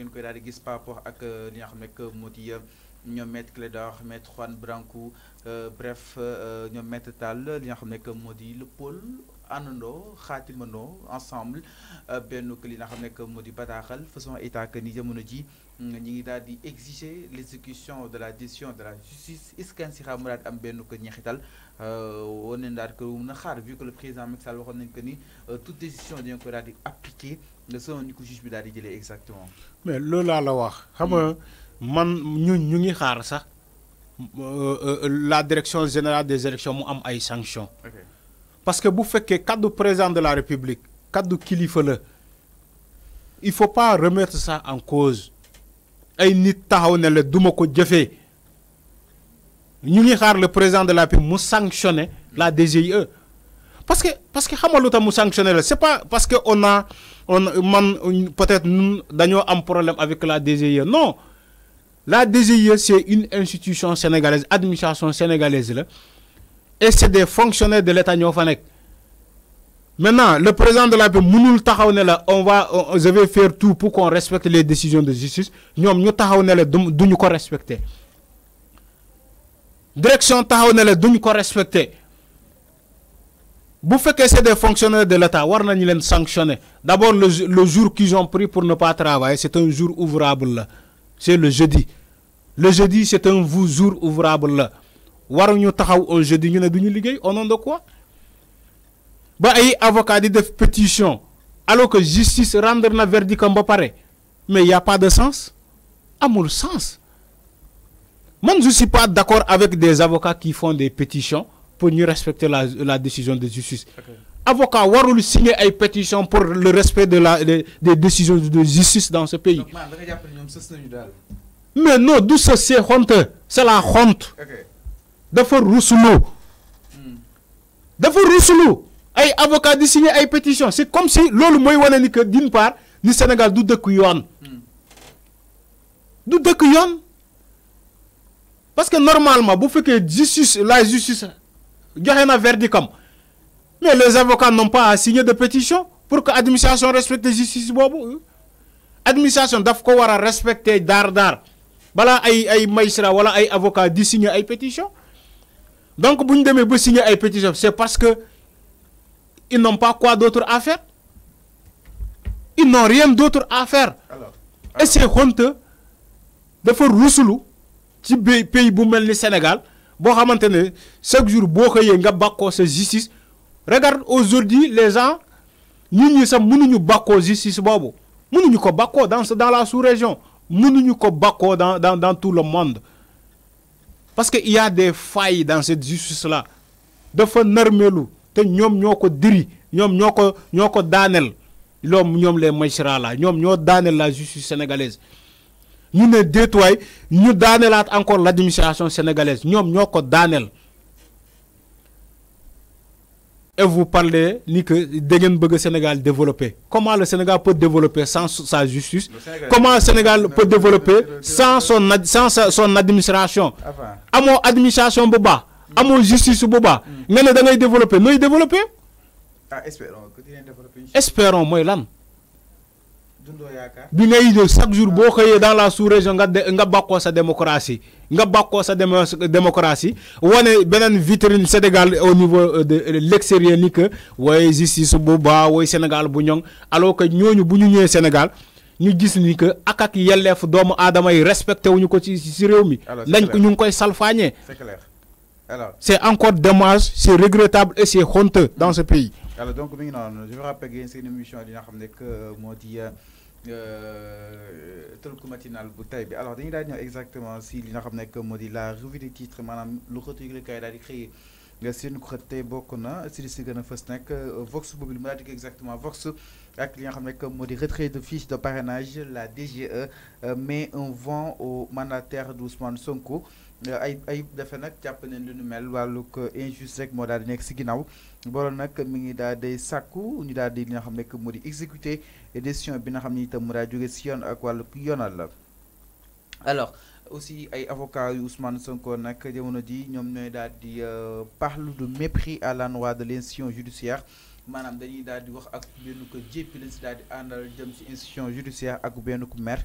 ngeen koy daal di gis par rapport ak euh, li nga xam nekk moo di euh, ñoom maître Clédor maître Juan Branco euh, bref ñoom maître Tall li nga xam nekk moo di le pôle àndandoo ensemble benn li nga xam nekk moo pas bataaxal façon état que ni jamono ji mm, ñi ngi daal di exiger l'exécution de la décision de la justice iskan si xam mu am benn ko ñeexital woon nañ daal que mën a xaar vu que le président Macky Sall waxoon que ni toute décision dañ ko daal di appliquer le son ni ko juge bi daal exactement. mais loolu laa la wax. xam nga hmm. man ñun ñu ngi xaar sax euh, euh, la direction générale des élections mu am ay sanctions. parce que bu fekkee kaddu président de la république kaddu kilifa la il faut pas remettre ça en cause ay nit taxaw ne la duma ko jëfee ñu ngi xaar le président de la république mu sanctionner la DGIE parce que parce que xamal lu sanctionné c'est pas parce que on a on man peut-être ñun am problème avec la DGIE non la DGIE c'est une institution sénégalaise administration sénégalaise là, et c'est des fonctionnaires de l'État ñoo maintenant le président de la République mënul taxaw ne on va je vais faire tout pour qu'on respecte les décisions de justice ñom ñu taxaw la duñ ko respecter direction taxaw ne la duñ ko respecter faites que c'est des fonctionnaires de l'État war nañu d'abord le jour qu'ils ont pris pour ne pas travailler c'est un jour ouvrable c'est le jeudi le jeudi c'est un jour ouvrable waruñu taxaw un jeudi ñu ne duñu au nom de quoi ba avocats di def pétition alors que justice rendre verdict verdict ba pareil, mais il n'y a pas de sens amul sens moi, je suis pas d'accord avec des avocats qui font des pétitions pour respecter la décision de justice avocat warul signer une pétition pour le respect de la des décisions de justice dans ce pays mais non tout ça c'est honte c'est la honte dafa rousseau hmm. dafa rousseau ay avocat de signer une pétition c'est comme si loolu mooy wane ni que d'une part ni Sénégal du de yoon doute hmm. de yoon parce que normalement faites que justice la justice joxe na verdict. mais les avocats n'ont pas à signer de pétition pour que l'administration respecte la justice L'administration doit respecter les Dar. voilà ay ay voilà wala ay signer pétition donc si vous des signer ay pétition c'est parce que ils n'ont pas quoi d'autre à faire ils n'ont rien d'autre à faire et c'est honteux faire Rousselou, le pays bu pays le Sénégal bo xamantene ne chaque jour boo xëyee nga bako sa justice regarde aujourd'hui les gens ñun ñi sax mënuñu bako justice bobu mënuñu ko bako dans dans la sous-région mënuñu ko bako dans dans dans tout le monde parce que il y a des failles dans cette justice là dafa narmeelu te ñom ñoko diri ñom ñoko ñoko ñoo lom ñom les magistrats là ñom ñoo daaneel la justice sénégalaise nous ne pas, ñu donnons encore l'administration sénégalaise Nous, ñoo ko et vous parlez ni que da ngeen bëgg Sénégal développer comment le Sénégal peut développer sans sa justice comment le Sénégal peut développer sans son sans son administration amoo administration bu baax amoo justice bu baax hmm. nga ne da ngay développer nooy développer ah, espérons mooy lan bi ngay chaque jour boo dans la sous-région nga de nga sa démocratie nga bàkkoo sa démocratie wane beneen vitrine Sénégal au niveau euh, de euh, l'extérieur ni que waaye justice bu baa waaye Sénégal bu ñoŋ alors que ñooñu bu ñu ñëwee Sénégal ñu gis ni que ak ak yelleef doomu aadama yi respecté wuñu ko ci ci réew mi. lañ ko ñu ngi koy salfaañee. c'est clair alors c'est encore dommage c'est regrettable et c'est honteux dans ce pays. alors donc mi ngi noonu je vais rappeler que c'est une émission dina xam ne que euh, moo euh, tënku matinal bu tay alors dañu daal exactement si li n'a xam nekk la revue des titres madame le xëtu yëgle kaay daal di nga euh, seen ko xët tey bokk na si si gën a fës nekk euh, Vox boobu li mu daal di exactement Vox ak li nga xam moo di retrait de fiche de parrainage la DGE met un vent au mandataire d'Ousmane Sonko ay ayib defe nag jàpp ne lu nu mel wàllu injuste rek moo daal di nekk si ginnaaw borom nag mi ngi daal di sàkku ñu daal di li nga xam ne moo di exécuté décision bi nga xam ne itam mu daal jóge si yoon ak wàllu yonal la alors aussi ay avocat yu Ousmane Sonko nag jamono ji ñoom ñooy daal di euh, parle de mépris à la l'endroit de l'institution judiciaire maanaam dañuy daal di wax ak benn ko jéppi lañ si daal di àndal jëm si institution judiciaire ak benn ko maire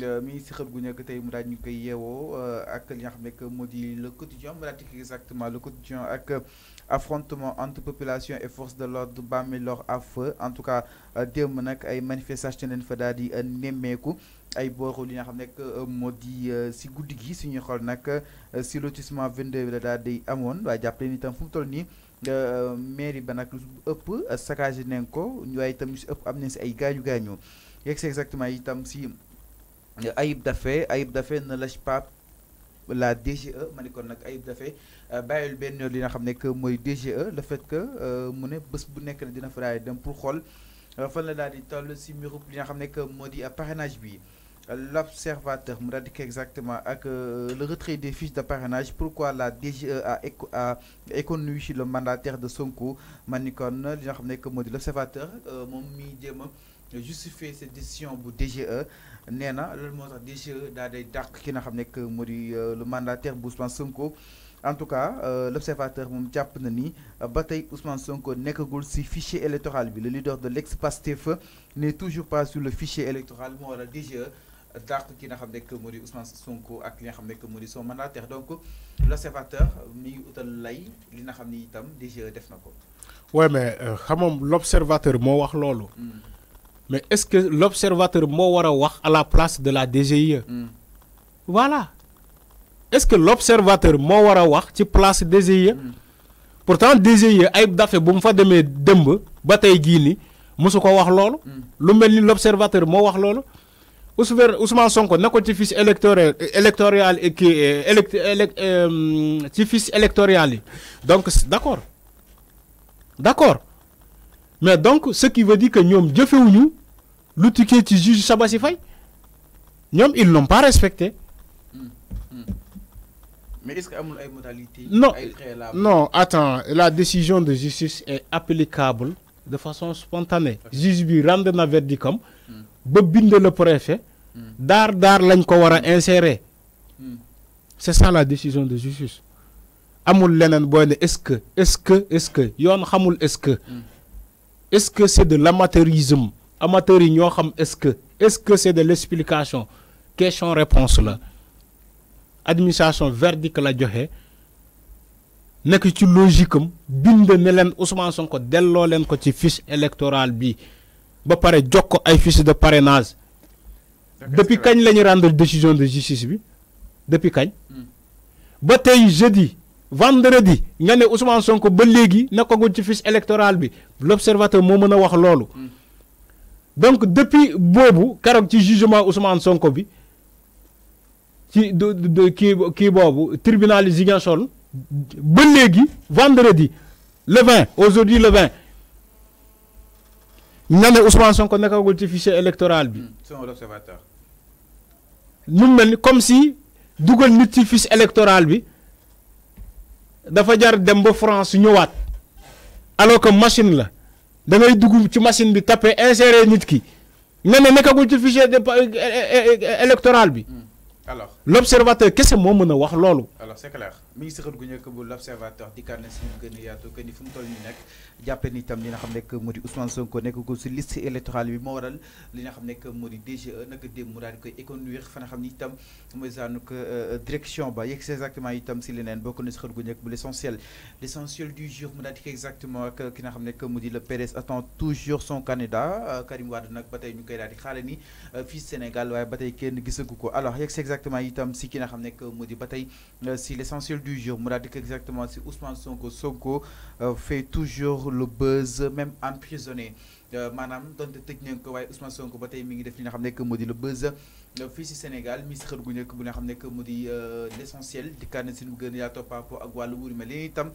Euh, mi ngi si gu nekk tey mu daal ñu koy yeewoo euh, ak li nga xam ne moo di le quotidien mu daal di exactement le quotidien ak affrontement entre population et force de l'ordre Bambilor à feu en tout cas euh, démb nag ay manifestation leen fa daal di nemmeeku ay booru li nga xam ne moo di si guddi gi suñuy xool nag si lotissement 22 bi la daal di amoon waaye jàpp leen itam fu mu toll nii mairie ba nag lu ëpp saccagé nañ ko waaye itam ñu si ëpp am nañ si ay gaañu gaañu yegg si exactement si Ayib d'affaires Ayib d'affaires ne lâche pas la DGE ma nak kon nag Ayib Daffé euh, bàyyil benn yoon li que moy DGE le fait que euh, mu ne bés bu nekk dina fa dem pour xol euh, fan la dal di toll ci mbirum li nga que modi parrainage bi l'observateur mu daal exactement ak le retrait des fiches de parrainage pourquoi la DGE a a économisé le mandataire de son coup ni li nga xamné que modi l'observateur Mon mi jéem justifier cette décision bu DGE Néna, na tax day dàq ki nga xam euh, le mandataire bu Ousmane Sonko en tout cas euh, l'observateur observateur moom jàpp na ni euh, ba tey Ousmane Sonko nekkagul si fichier électoral bi le leader de lex ex Pastef n'est toujours pas sur le fichier électoral moo waral DGE dàq ki nga xam nekk Ousmane Sonko ak li nga xam nekk son mandataire donc l'observateur observateur mi ngi utal lay li nga xam ni itam def oui mais l'observateur l'observateur l' observateur wax hmm mais est-ce que l'observateur moo a à la place de la DGIE. Hmm. voilà est-ce que l'observateur moo war a wax ci place DGIE. Hmm. pourtant DGIE Ayib fait bu mu fa demee dëmb ba tey jii lolo. wax hmm. l'observateur moo wax loolu. Ousmane Sonko na pas ci fiche électorale électorale qui élect euh, ci donc d'accord d'accord mais donc ce qui veut dire que où nous L'outil qui est juge sabasifai Faye ils l'ont pas respecté. Hmm. Hmm. mais est-ce qu'il Non, non attends, la décision de justice est applicable de façon spontanée. Juge bi rendre na verdict comme ba de le préfet hmm. dar dar lañ ko C'est ça la décision de justice. amul lenen bonne est-ce que est-ce que est-ce que yone xamul est-ce que. est-ce que c'est de l'amateurisme amateurs yi ñoo xam est-ce que est-ce que c'est de l'explication question réponse la administration verdict la joxe nekk ci logique am bind ne leen Ousmane Sonko delloo leen ko ci fiche électorale bi ba pare jox ko ay fiche de parrainage depuis kañ la ñu rendre décision de justice bi depuis kañ hmm. ba tey jeudi vendredi nga ne Ousmane Sonko ba léegi nekkagul ci fiche électorale bi l'observateur moo mën a wax loolu hmm donc depuis le jugement ci jugement Ousmane Sonko bi ci kii kii bobu tribunal de ba légui vendredi le 20 aujourd'hui le 20 ñane Ousmane Sonko pas ci fichier électoral bi. Hmm, son observateur. ñu mel comme si dugal nit ci fichier électoral bi dafa jar dem ba France ñëwaat alors que machine la. da ngay dugg ci machine bi tapé insérer nit ki ne ne nekkagul ci fichier électoral bi hmm. alors l'observateur kese moo mën a wax lolu alors c'est clair ministre gu njëkk bu l'observateur dikkaat na si ñu yaatu que ni fu mu toll ni nak jappé ni tam li nga xam nekk moo Ousmane Sonko nek ko si liste électorale bi mo waral li nga xam nekk moo DGE nag démb mu daal di koy éconduire fa nga xamni tam itam mooy que euh, direction ba yegg exactement itam si leneen bokku na si xët gu njëkk bu l'essentiel l'essentiel du jour mu daal di exactement que ki nga xam que Modi le PDS attend toujours son candidat euh, Karim Wade nak batay ñu koy daal di xalé ni euh, fii Sénégal waye batay kenn gisagu ko alors yegg exactement itam si ki nga xam nekk mu di ba tey euh, si l' essentiel du jour mu daal dikk exactement si Ousmane Sonko Sonko euh, fait toujours le buzz même emprisonné euh, maanaam donte tëj nañ ko waaye Ousmane Sonko ba tey mi ngi def li nga xam nekk mu di le buzz fii si Sénégal mi si xër gu nekk bu nga xam nekk mu di l' essentiel dikkaat na si lu gën yaa topp ak wàllu wuri ma li itam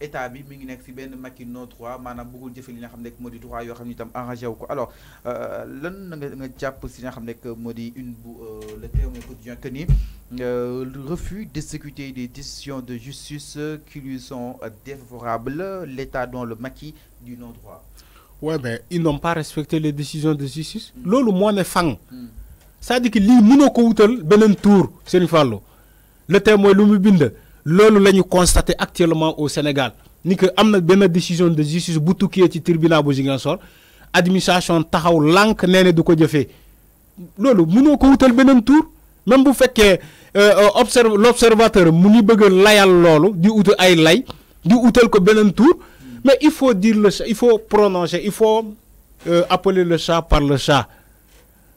état bi mi ngi nekk si benn Mackino 3 maanaam bëggul jëfe li nga xam ne modi 3 yo xamni tam arrangé ko alors euh, lan na nga nga jàpp si nga xam ne modi une euh, le terme quotidien que ni le euh, refus d'exécuter des décisions de justice qui lui sont défavorables l'état dans le maquis du non droit ouais mais ben, ils n'ont pas respecté les décisions de justice mm. lolu moo ne fang ça mm. à dire que li mëno ko wutal benen tour Serigne fallo le témoin lu mu bind loolu la ñu constaté actuellement au Sénégal ni que am na benn décision de justice bu tukkee ci tribunal bu Ziguinchor administration taxaw lànk nee ne du ko jëfee loolu mënoo ko wutal beneen tour même bu fekkee euh, euh, observe l'observateur observateur mu ngi bëgg layal loolu di hôtel ay lay di utal ko beneen tour mais il faut dire le il faut prononcer il faut euh, appeler le chat par le chat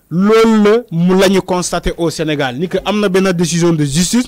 loolu la mu constaté au Sénégal ni que am na benn décision de justice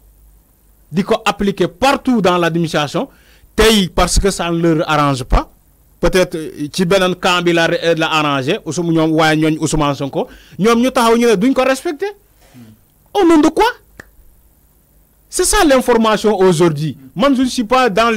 appliqué appliquer partout dans l'administration parce que ça ne leur arrange pas peut-être euh, ci un camp bi la on, euh, arrangé somme ñoom waaye ñooñ Ousmane respecter au nom de quoi c'est ça l'information aujourd'hui. Moi, je ne suis pas dans,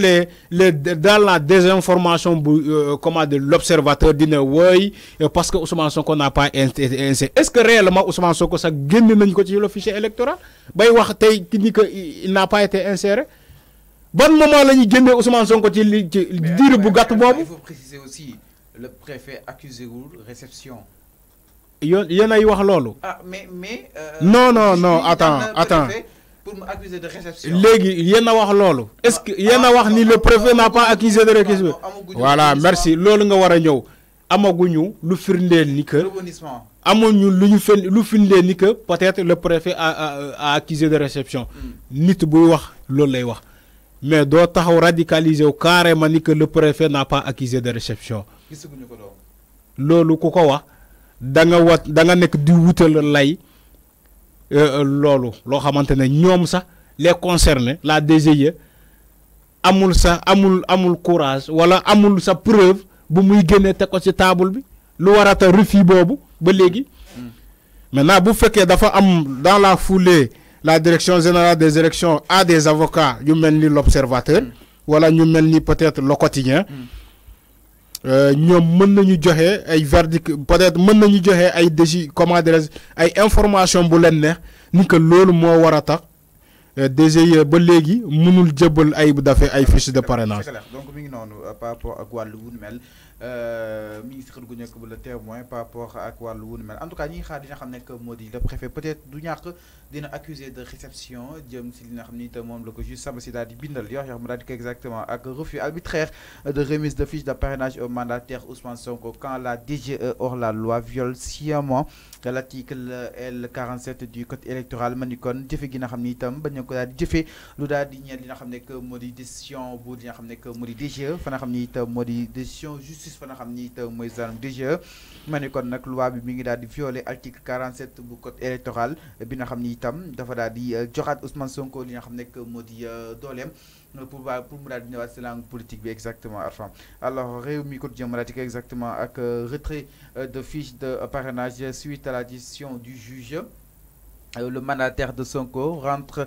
la désinformation euh, comment de l'observateur d'une oui, euh, parce que Ousmane Sonko n'a pas Est-ce que réellement Ousmane Sonko a gagné le fichier électoral Bah, il dit qu'il n'a pas été inséré. Bon moment, là, il gagne Ousmane Sonko qui le Il faut préciser aussi le préfet accusé de réception. Il y en a eu à l'eau. Ah, mais. Euh, non, non, non, attends, attends pour m'accuser de réception. Est-ce que en a wax ni le préfet n'a pas accusé de réception Voilà, merci. Lolu nga wara ñew. Amaguñu lu firndel ni que amoñu luñu fen lu firndel ni que peut-être le préfet a, a, a accusé de réception. Hmm. Nit bu wax lolu lay wax. Mais do taxaw radicaliser carrément ni que le préfet n'a pas accusé de réception. Lolu ku ko wax da nga wat da nga nek di wutal lay. Euh, lolu lo xamantene ñom ñoom sax les concernés la DGE amul sa amul amul courage wala amul sa preuve bu muy génnee teg ko ci table bi lu warata refi bobu ba légui maintenant bu féké dafa am dans la foulée la direction générale des élections a des avocats yu mel l'observateur wala ñu mel ni peut-être le quotidien Euh, ñoom mën nañu joxe ay verdict peut-être mën nañu joxe ay déci comment dirais ay information bu leen neex ni loolu moo war a tax euh, DGE ba léegi mënul jëbal ay bu dafe ay fiche de parrainage donc mi ngi noonu euh, par ak wàllu mel Euh, ministre de si témoin par rapport à quoi wunu en tout cas ñi xaar dina xamné que modi le préfet peut-être du ñak dina accusé de réception jëm ci li nga xamni ni te moom la ko juge Samba di bindal yo xam exactement ak refus arbitraire de remise de fiche d'apparentage au mandataire Ousmane Sonko quand la DGE hors la loi viole sciemment l'article L47 du code électoral manikon ni gi nga xamni ni bañ ko dal di lu dal di ñeel li nga xam ne moo décision bu li nga xam ne moo DGE fa nga xamni tam modi décision justice justice fa nga xam ni itam mooy zone ma ne kon loi bi mi ngi di violer article 47 bu code électoral bi nga xam ni itam dafa daal di euh, joxaat Ousmane Sonko li nga xam nekk moo di euh, pour pour mu daal di langue politique bi exactement Arfam alors réew mi quotidien mu daal exactement ak euh, retrait de fiche de parrainage suite à la décision du juge le mandataire de Sonko rentre.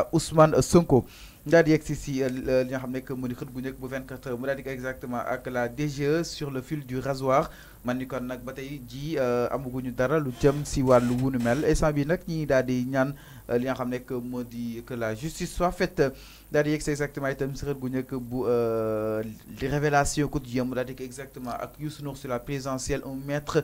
Ousmane Sonko. daal di yegg si si euh, euh, li nga xam que mu ni bu 24 heures mu daal exactement ak la DGE sur le fil du rasoir man ni kon nag ba tey ji euh, amaguñu dara lu jëm si wàllu wunu mel instant bi nag ñi daal di ñaan li nga xam que moo di que la justice soit faite daal di yegg exactement itam si xët gu njëkk bu révélation quotidien mu daal di exactement ak Youssou sur la présidentielle un maître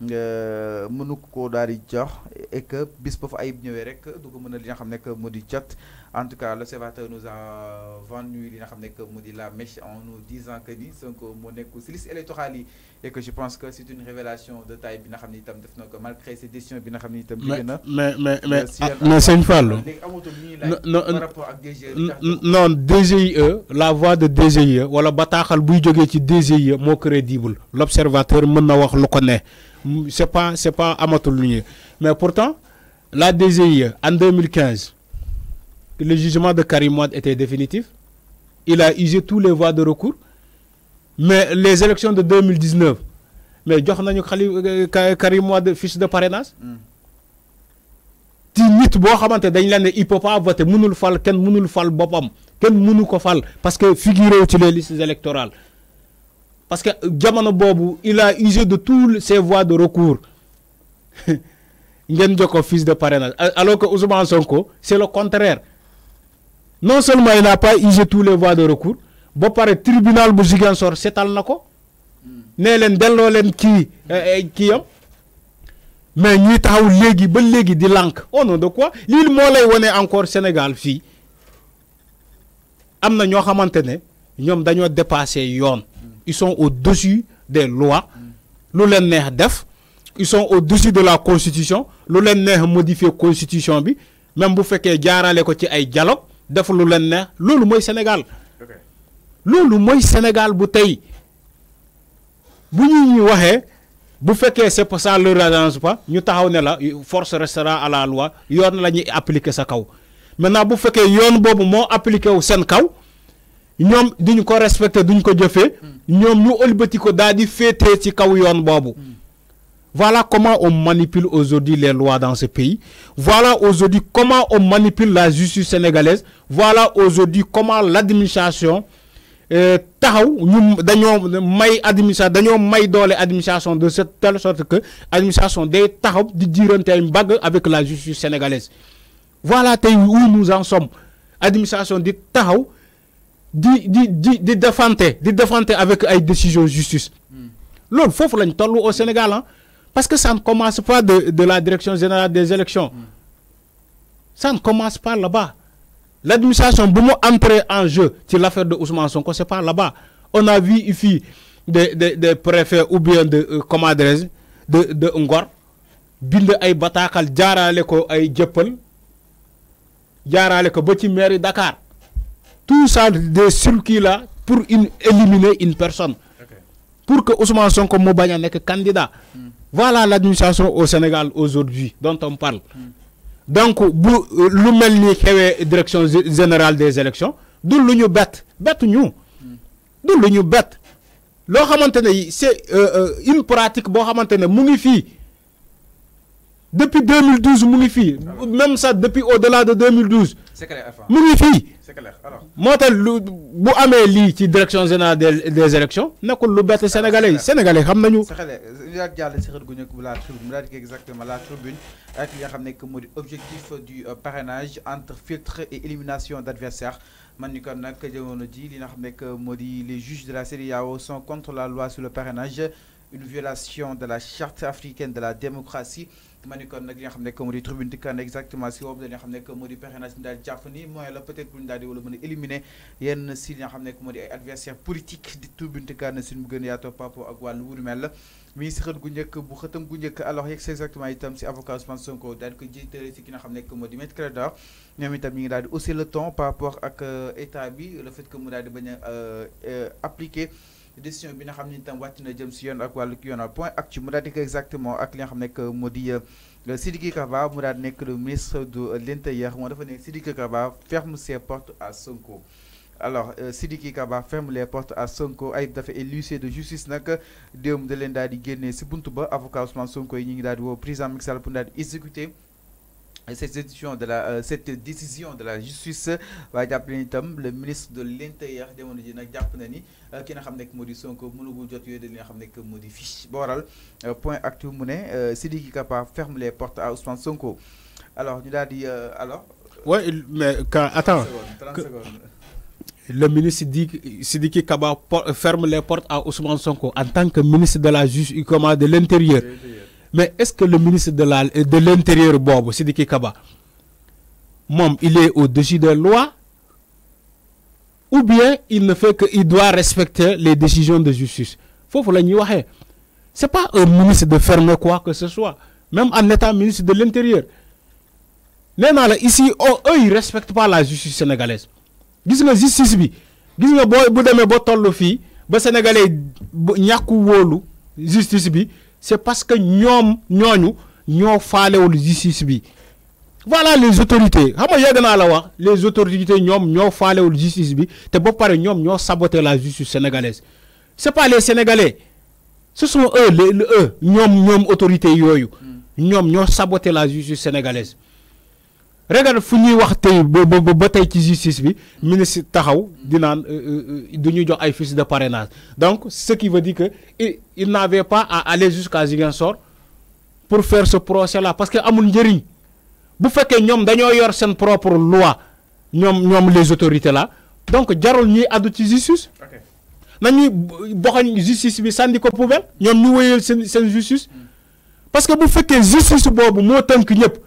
mënu ko daal di jox et que bis ba ayib ñëwee rek du ko mën a li nga xam ne que moo di jot en tout cas l'observateur nous a vendu li nga xam ne que moo di la mèche en nous disant que ni Sonko moo nekk si liste électorale yi et que je pense que c'est une révélation de taille bi nga xam ne itam def na ko malgré ces décisions bi nga xam ne itam. na mais mais mais mais euh, sëñ Fallou. non DGE la voix de DGE wala bataaxal buy jógee ci DGE moo crédible l'observateur mën na wax lu ko ne c'est pas c'est pas amatul mais pourtant la DGI en 2015 le jugement de Karim était définitif il a usé tous les voies de recours mais les élections de 2019 mais joxnañu nañu euh, Karim de parrainage hmm. il nit bo xamanté dañ la ne peut pas voter mënul fal ken mënul fal fal parce que figurez-vous sur les listes électorales parce que jamono Bobu, il a usé de toutes ses voies de recours Ngen Djoko, de fils de parrainage alors que Ousmane Sonko c'est le contraire non seulement il n'a pas usé toutes les voies de recours mais le tribunal bu Ziguinchor c'est na ko nee leen Len, leen kii eh, eh, mais ñuy taxaw légui ba légui di l'Ank. au nom de quoi lii mo lay woné encore Sénégal fi amna ño il ñom ne ñoom dañoo dépassé yoon ils sont au-dessus des lois lu leen def ils sont au-dessus de la constitution lu modifie la modifier constitution bi même bu que jaarale ko ci ay dialogue def lu leen neex Sénégal L'Olu Moy Sénégal bu tey bu ñuy que bu pour c'est ça le arrange pas ñu taxaw ne la force restera à la loi yoon la ñuy appliquer sa kaw maintenant bu fekkee yoon boobu moo appliqué au nous diñ ko respecté duñ ko nous mm. ñoom ñu ëlbati ko daal di fété ci kaw yoon bobu mm. voilà comment on manipule aujourd'hui les lois dans ce pays voilà aujourd'hui comment on manipule la justice sénégalaise voilà aujourd'hui comment l'administration euh, taxaw ñu dañoo may administration dañoo may doole administration de cette telle sorte que administration day taxaw di jiiranteel mbag avec la justice sénégalaise voilà où nous en sommes administration di taxaw di défendre, avec une décision de justice. avec ay décisions justice nous foofu lañ au Sénégal hein. parce que ça ne commence pas de la direction générale des élections hmm. ça ne commence pas là-bas l'administration pour bu en jeu c'est l'affaire de Ousmane Sonko c'est pas là-bas on a vu ici des des des préfets ou bien de euh, commandes de de Ngor bille ay bataaxal jaaraale ko ay jëppal jaaraale ko ba ci mairie Dakar tout ça des circuits là pour une, éliminer une personne. Pour que Ousmane comme Mobanya n'est que candidat. Hmm. Voilà l'administration au Sénégal aujourd'hui dont on parle. Hmm. donc Donc, lu melni direction générale des élections, d'où l'Union bête. Bête nous. L'on l'Union bête. C'est euh, euh, une pratique qui depuis 2012, fi ah même ça depuis au-delà de 2012 c'est clair, c'est clair des élections sénégalais sénégalais exactement la ak li objectif du euh, parrainage entre filtre et élimination d'adversaires man les juges de la sont contre la loi sur le parrainage une violation de la charte africaine de la démocratie ma ni kon nag li nga xam ne tribune di kan exactement si boobu li nga xam que modi di dal naa si daal la peut être buñu dal di wala mën éliminer yenn si li nga xam ne que moo ay adversaire politique di tribune di kan suñu gën a yaatoo papo ak wàllu wudu mel mi si xët gu njëkk bu xëtam gu njëkk alors yegg exactement itam si avocat Ousmane Sonko daal ko jiitale si ki nga xam ne que moo di maître Clédor ñoom itam ñi dal daal di hausser le ton par rapport ak euh, état bi le fait que mu dal di bañ a euh, euh, appliquer décision bi nga xamni tam jëm ak point exactement euh, Sidiki Kaba le ministre de l'intérieur Sidiki Kaba ferme ses portes à Sonko. alors euh, Sidiki Kaba ferme les portes à Sonko ay dafa de justice nak deum de len di buntu ba avocat Ousmane Sonko yi ngi cette décision, de la, euh, cette décision de la justice va jàpp le ministre de l'Intérieur, intérieur jamono ji na ni euh, ki nga xam nekk moo di Sonko mënugul jot yooyu de li nga xam nekk fiche euh, point actif mu euh, Sidiki Kaba ferme les portes à Ousmane Sonko alors ñu daal di alors. oui mais quand attends 30 secondes le ministre Sidiki Kaba ferme les portes à Ousmane Sonko en tant que ministre de la justice comment de l'Intérieur mais est-ce que le ministre de l'intérieur Bobo Sidiki Kaba il est au-dessus de la loi ou bien il ne fait qu'il doit respecter les décisions de justice faut la Ce c'est pas un ministre de faire quoi que ce soit même en étant ministre de l'intérieur ici oh, eux ils respectent pas la justice sénégalaise Ils la justice bi gis nga booy bu demee ba sénégalais justice c'est parce que ñom ñoñu ñoo faalewul justice bi voilà les autorités xam nga yegg naa la wax les autorités ñom ñoo faalewul justice bi te ba pare ñom ñoo saboté la justice sénégalaise c'est pas les sénégalais ce sont eux les eux ñom ñom autorités yooyu hmm. ñom ñoo saboté la justice sénégalaise regal fu ñuy wax tey ba ba tey ci justice bi ministre taxaw di naan euh, euh, euh, duñu jox ay fils de parrainage donc ce qui veut dire que il n'avait pas à aller jusqu'à Ziguinchor pour faire ce procès là parce que amul njëriñ bu fekkee ñoom dañoo yor seen propre loi ñoom ñoom les autorités là donc jarul ñuy addu ci justice nañuy boxañ justice bi sànni ko poubelle ñoom ñu wéyal seen seen justice mm. parce que bu fekkee justice boobu moo tënk ñëpp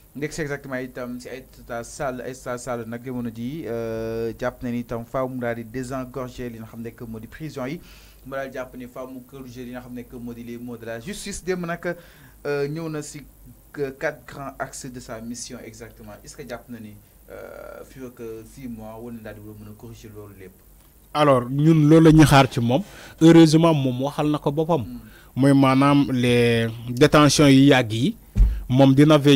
nekk exactement itam ci ay état sall ay salle sall nag jamono jii euh, jàpp na ni itam faaw mu di désengorger li nga xam nekk moo prison yi mu dal jàpp ni faaw mu corriger li nga xam nekk moo les mots de la justice dem nak euh ñëw na ci quatre grands axes de sa mission exactement est-ce que jàpp na ni euh, fii ak six mois woon na di war corriger loolu lépp. alors ñun loolu la ñuy xaar ci mom heureusement mom waxal nako bopam moy hmm. manam les détentions yi yàgg mom moom dina